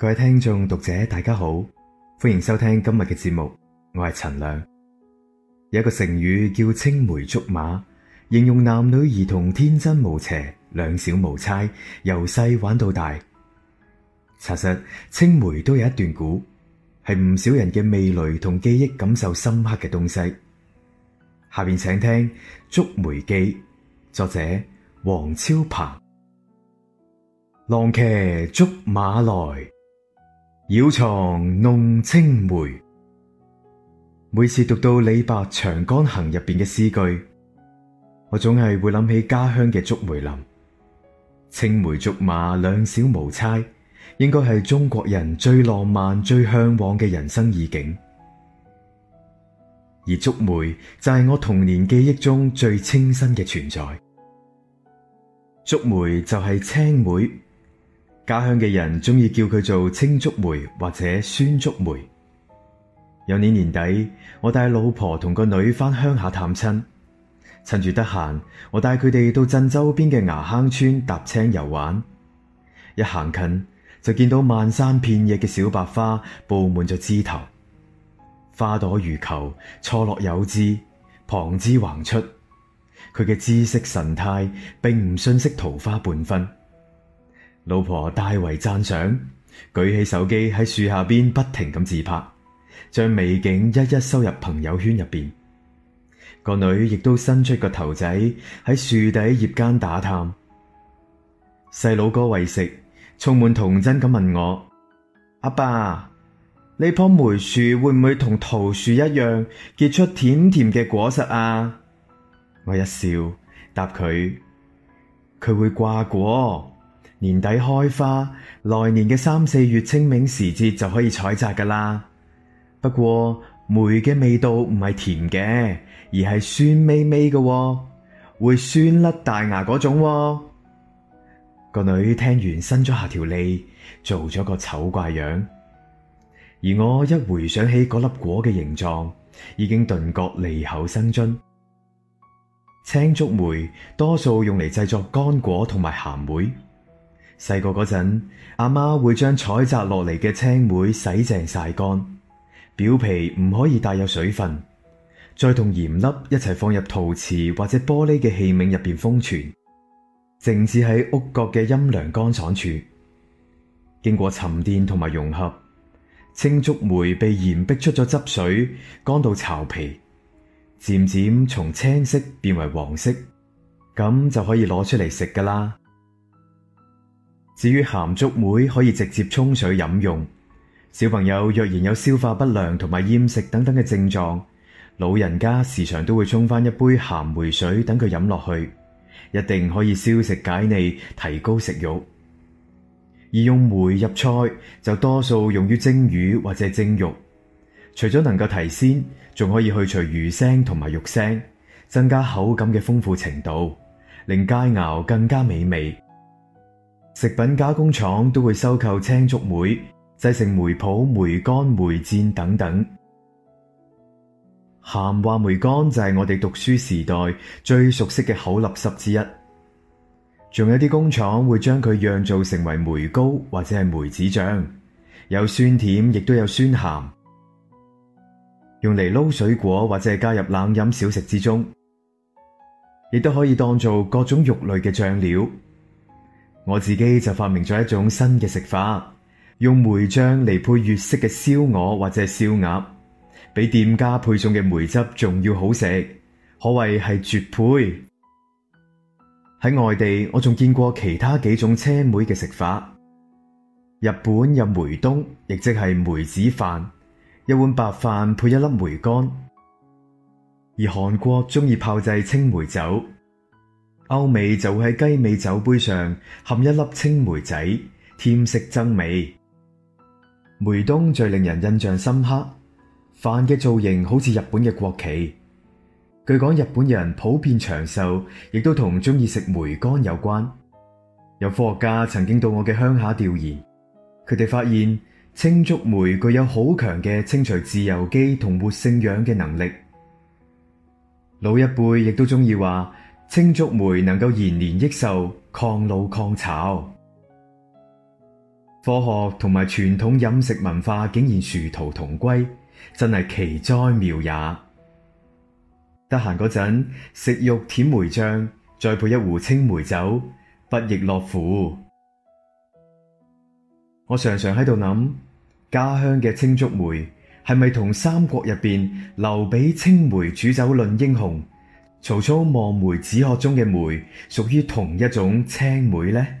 各位聽眾讀者大家好，歡迎收聽今日嘅節目，我係陳亮。有一個成語叫青梅竹馬，形容男女兒童天真無邪、兩小無猜，由細玩到大。查實青梅都有一段古，係唔少人嘅味蕾同記憶感受深刻嘅東西。下面請聽《竹梅記》，作者王超鵬。郎騎竹馬來。繞床弄青梅，每次讀到李白《長干行》入邊嘅詩句，我總係會諗起家鄉嘅竹梅林。青梅竹馬兩小無猜，應該係中國人最浪漫、最向往嘅人生意境。而竹梅就係我童年記憶中最清新嘅存在。竹梅就係青梅。家鄉嘅人中意叫佢做青竹梅或者酸竹梅。有年年底，我帶老婆同個女翻鄉下探親，趁住得閒，我帶佢哋到鎮周邊嘅崖坑村踏青遊玩。一行近就見到漫山遍野嘅小白花布滿咗枝頭，花朵如球，錯落有枝，旁枝橫出。佢嘅姿色神態，並唔遜色桃花半分。老婆大為讚賞，舉起手機喺樹下邊不停咁自拍，將美景一一收入朋友圈入邊。個女亦都伸出個頭仔喺樹底葉間打探。細佬哥為食，充滿童真咁問我：阿爸，爸，呢棵梅樹會唔會同桃樹一樣結出甜甜嘅果實啊？我一笑，答佢：佢會掛果。年底開花，來年嘅三四月清明時節就可以採摘噶啦。不過梅嘅味道唔係甜嘅，而係酸微微嘅，會酸甩大牙嗰種。個 女聽完伸咗下條脷，做咗個醜怪樣。而我一回想起嗰粒果嘅形狀，已經頓覺脷口生津。青竹梅多數用嚟製作乾果同埋鹹梅。細個嗰陣，阿媽會將採摘落嚟嘅青梅洗淨曬乾，表皮唔可以帶有水分，再同鹽粒一齊放入陶瓷或者玻璃嘅器皿入邊封存，靜置喺屋角嘅陰涼乾爽處。經過沉澱同埋融合，青竹梅被鹽逼出咗汁水，乾到巢皮，漸漸從青色變為黃色，咁就可以攞出嚟食㗎喇。至於鹹竹梅可以直接沖水飲用，小朋友若然有消化不良同埋厭食等等嘅症狀，老人家時常都會沖返一杯鹹梅水等佢飲落去，一定可以消食解膩，提高食慾。而用梅入菜就多數用於蒸魚或者蒸肉，除咗能夠提鮮，仲可以去除魚腥同埋肉腥，增加口感嘅豐富程度，令佳餚更加美味。食品加工廠都會收購青竹梅，製成梅脯、梅乾、梅餞等等。鹹話梅乾就係我哋讀書時代最熟悉嘅口立濕之一。仲有啲工廠會將佢釀造成為梅膏或者係梅子醬，有酸甜，亦都有酸鹹，用嚟撈水果或者係加入冷飲小食之中，亦都可以當做各種肉類嘅醬料。我自己就發明咗一種新嘅食法，用梅醬嚟配粵式嘅燒鵝或者燒鴨，比店家配送嘅梅汁仲要好食，可謂係絕配。喺外地，我仲見過其他幾種車梅嘅食法，日本有梅冬，亦即係梅子飯，一碗白飯配一粒梅乾；而韓國中意炮製青梅酒。歐美就喺雞尾酒杯上含一粒青梅仔，添色增美。梅冬最令人印象深刻，飯嘅造型好似日本嘅國旗。據講日本人普遍長壽，亦都同中意食梅乾有關。有科學家曾經到我嘅鄉下調研，佢哋發現青竹梅具有好強嘅清除自由基同活性氧嘅能力。老一輩亦都中意話。青竹梅能夠延年益壽、抗老抗炒，科學同埋傳統飲食文化竟然殊途同歸，真係奇哉妙也！得閒嗰陣食肉甜梅醬，再配一壺青梅酒，不亦樂乎？我常常喺度諗，家鄉嘅青竹梅係咪同三國入邊劉備青梅煮酒論英雄？曹操望梅止渴中嘅梅，屬於同一種青梅咧？